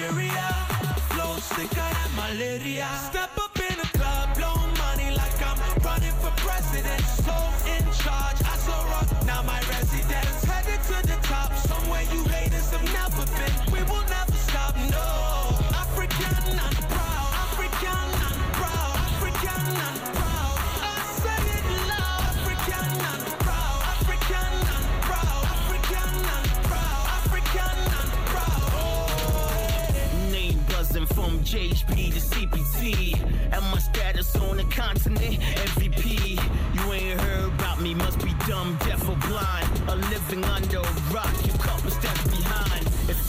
Nigeria. Flow sicker than malaria. Step up in the club, blow money like I'm running for president. So in charge, I so rock, now my residence. Headed to the top, somewhere you haters have never been. We will JHP to CPT. And my status on the continent, MVP. You ain't heard about me, must be dumb, deaf, or blind. A living under a rock, you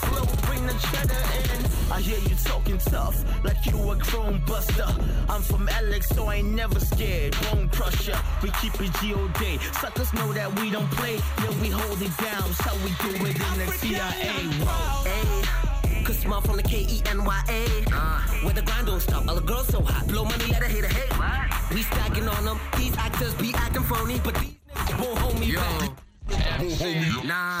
Come flow, bring the cheddar in. I hear you talking tough, like you a chrome buster. I'm from Alex, so I ain't never scared. Bone crusher, we keep it G.O.D. Suckers know that we don't play, then we hold it down. So we do it in the CIA. Whoa, hey. Cause small from the K-E-N-Y-A uh, Where the grind don't stop, all the girls so hot Blow money, let her hate her hate We stacking on them, these actors be acting phony But these niggas won't hold me Yo. back Nah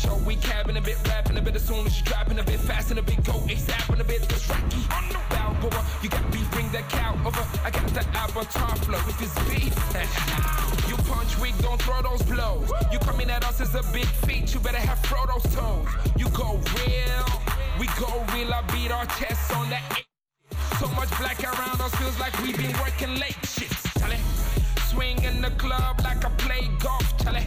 show. We cabbing a bit, rapping a bit as soon as you dropping a bit fast and a bit go ASAP and a bit less rocky. On the you got beef, bring that cow over. I got that avatar flow with this beef. you punch weak, don't throw those blows. You coming at us as a big feat, you better have Frodo's toes. You go real, we go real. I beat our chests on that. So much black around us feels like we've been working late. Shit, Swing in the club like I play golf, Charlie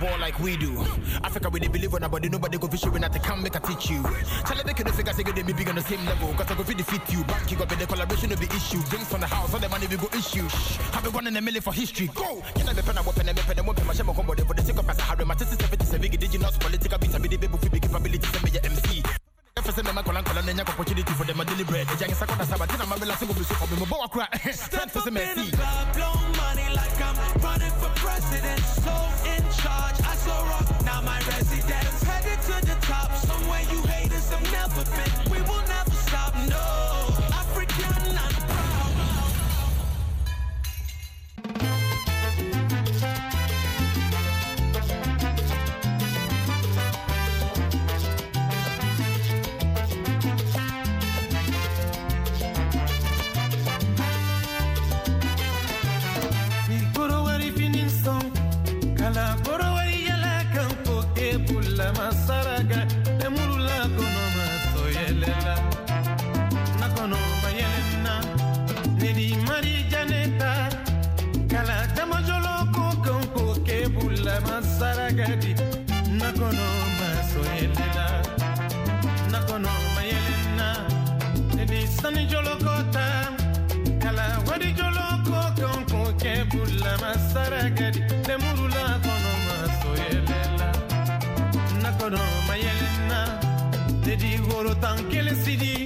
war like we do. Africa, we they believe on nobody, nobody go fish when I can not make a teach you. Charlie, they can't figure, say they be big on the same level. Cause I go defeat you. Bank, you got the collaboration of the issue. Drinks from the house, all the money we go issue. Shh, have been one in a million for history. Go! Can I be pen, and weapon, I pen, I won't my shame on combo. For the sake of us, I have my sister 77 indigenous political beats, I be the baby with capabilities and major MC. fɛsɛ call and call and then kɔ opportunity for them to deliberate agya nsa kɔda sɛ abate na mabɛla sɛ gɔbi so kɔ me mɔbɔ wakora strength fɛsɛ mɛsi for president, so in charge. I saw rock, now my residence. Headed to the top, somewhere you haters have never been. CD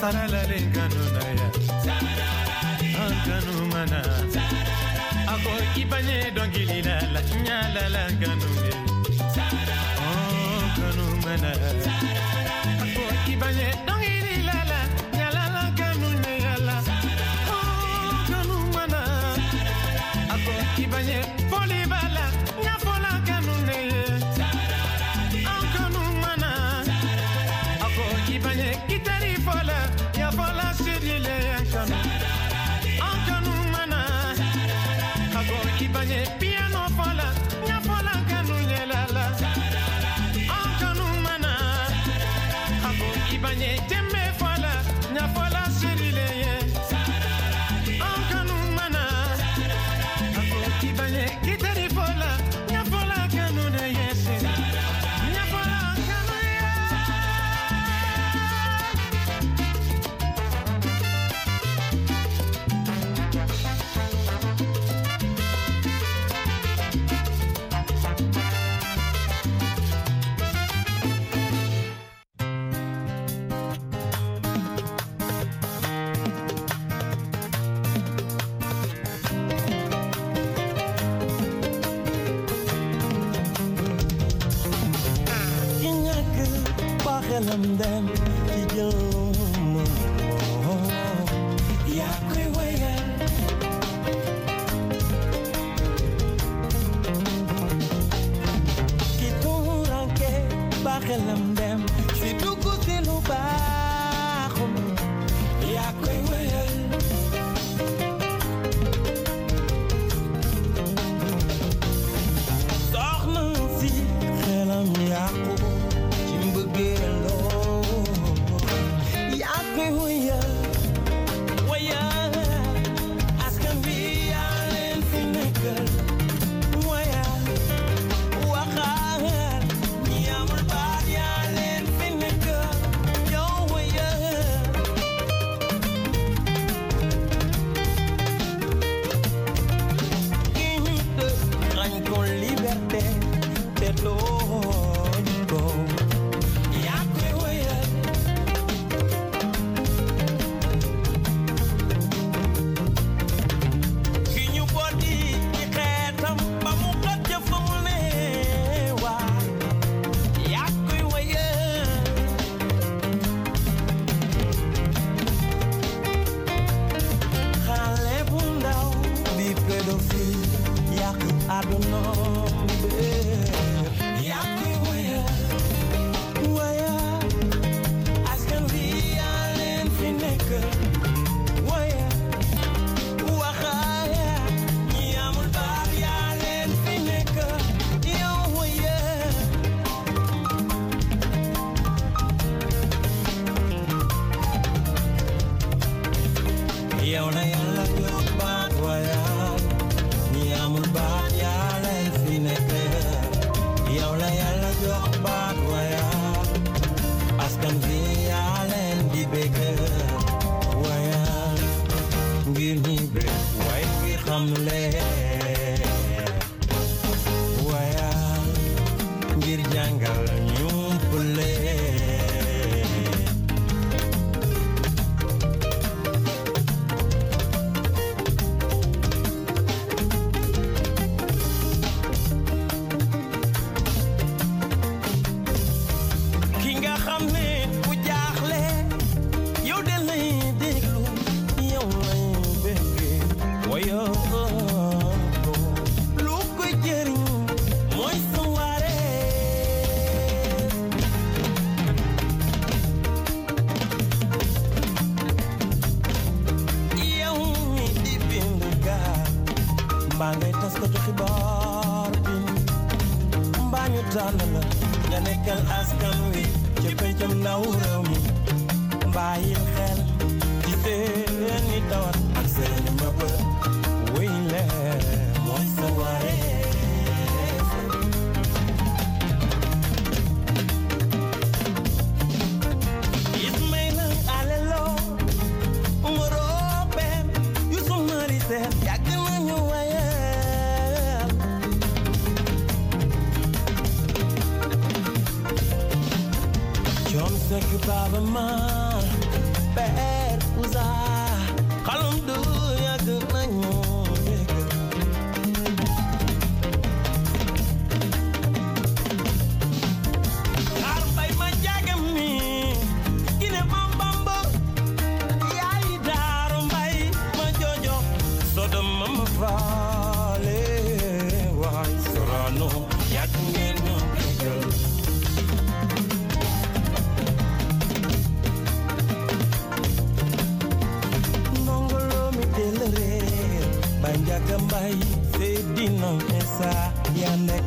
salala lengano na ya ankanu mana ako ibanye dongili la la nyala la ngano me ankanu mana ako ibanye dongili la la come you by my bad was I.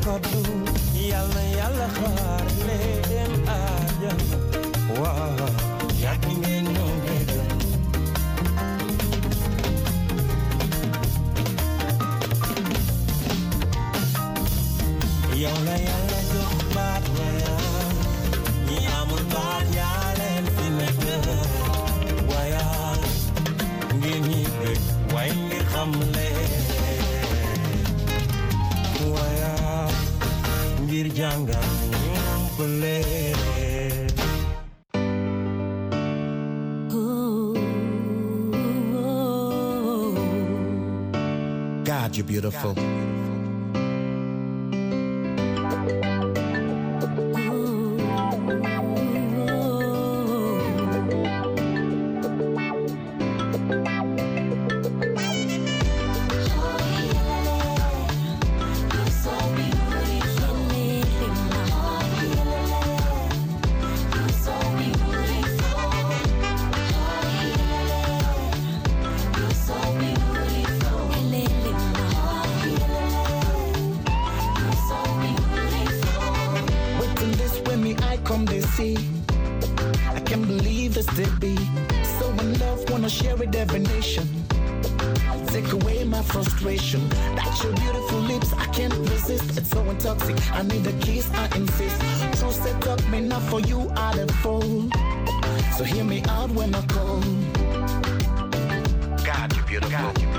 kaddu yàlla yàlla xaar beautiful. see. I can't believe this to be. So in love, wanna share with every nation. Take away my frustration. That your beautiful lips, I can't resist. It's so intoxicating. I need a kiss, I insist. True set up me not for you, I the fool. So hear me out when I call. God, you beautiful. God, you beautiful.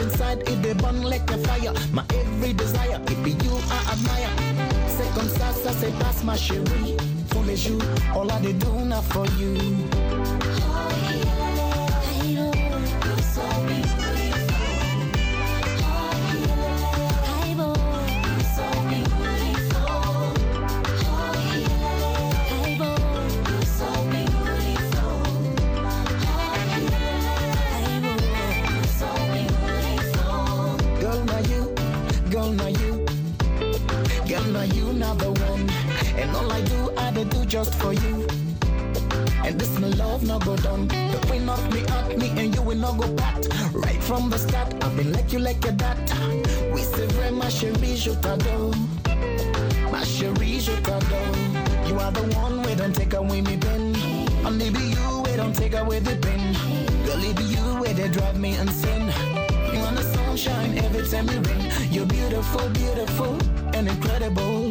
inside it be burn like a fire. My every desire, it be you I admire. C'est comme ça, say pass my ma chérie. Tous les all I do now for you. Oh, yeah. just for you. And this my love no go down. The queen of me at me and you will not go back. Right from the start, I've been like you like a dat. We say very ma chérie, je t'adore. chérie, je t'adore. You are the one we don't take away me pen. Only be you we don't take away the pen. Girl, it be you where they drive me insane. You want the sunshine every time you rain. You're beautiful, beautiful and incredible.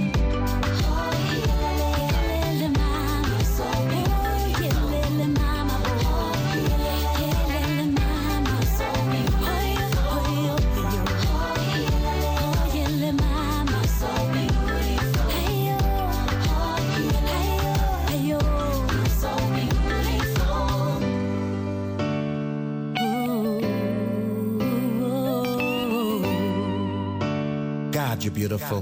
you're beautiful.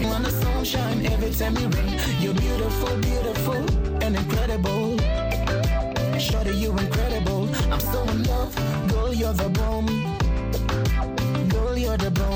You want the sunshine every time you rain. You're beautiful, beautiful, and incredible. Shorty, you're incredible. I'm so in love. Girl, you're the bomb. Girl, you're the bomb.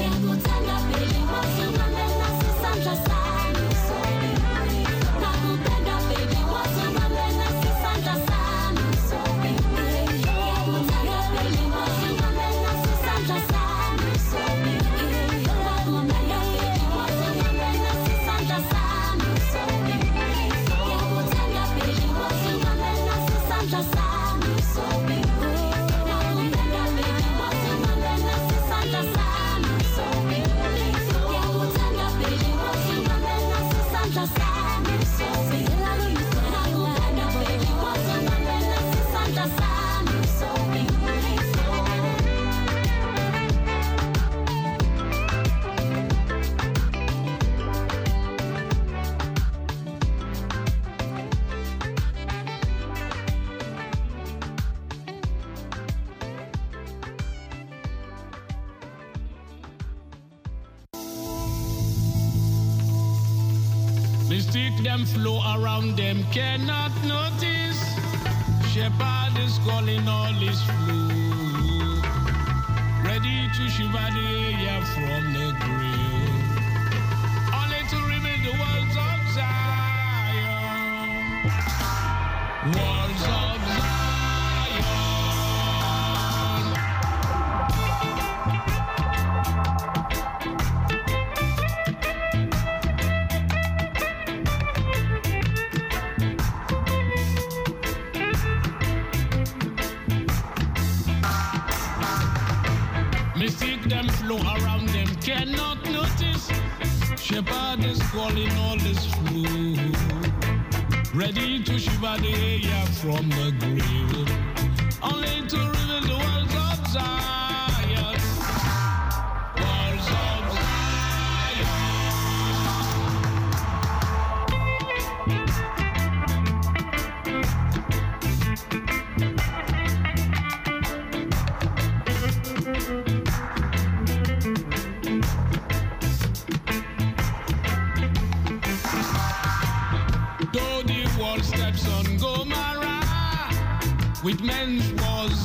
cannot notice. Shepherd is calling all his flock, ready to shiver the air from the grave, only to rebuild the walls of Zion. War shepherd is calling all this true. Ready to shiver the air from the grave, only to reveal the world's upside. with men's was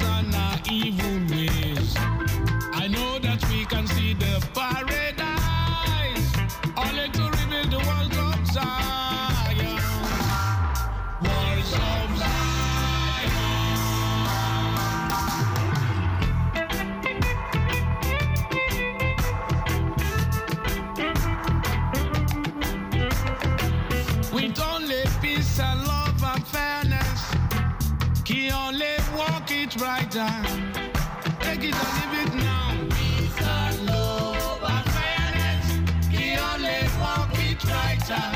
time. Take it leave it now. love and He only it right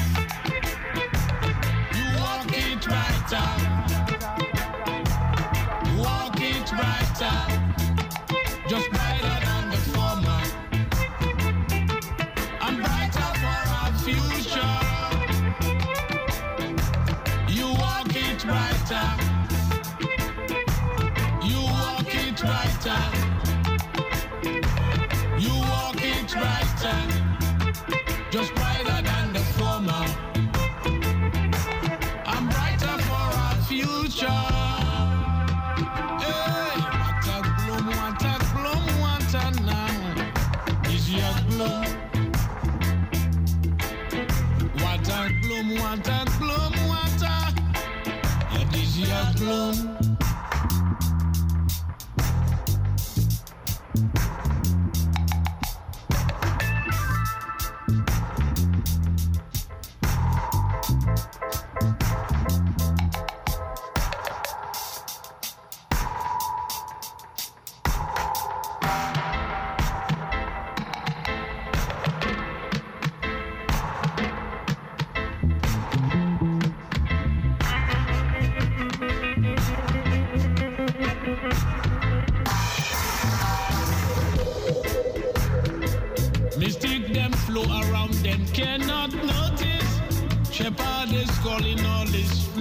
stop.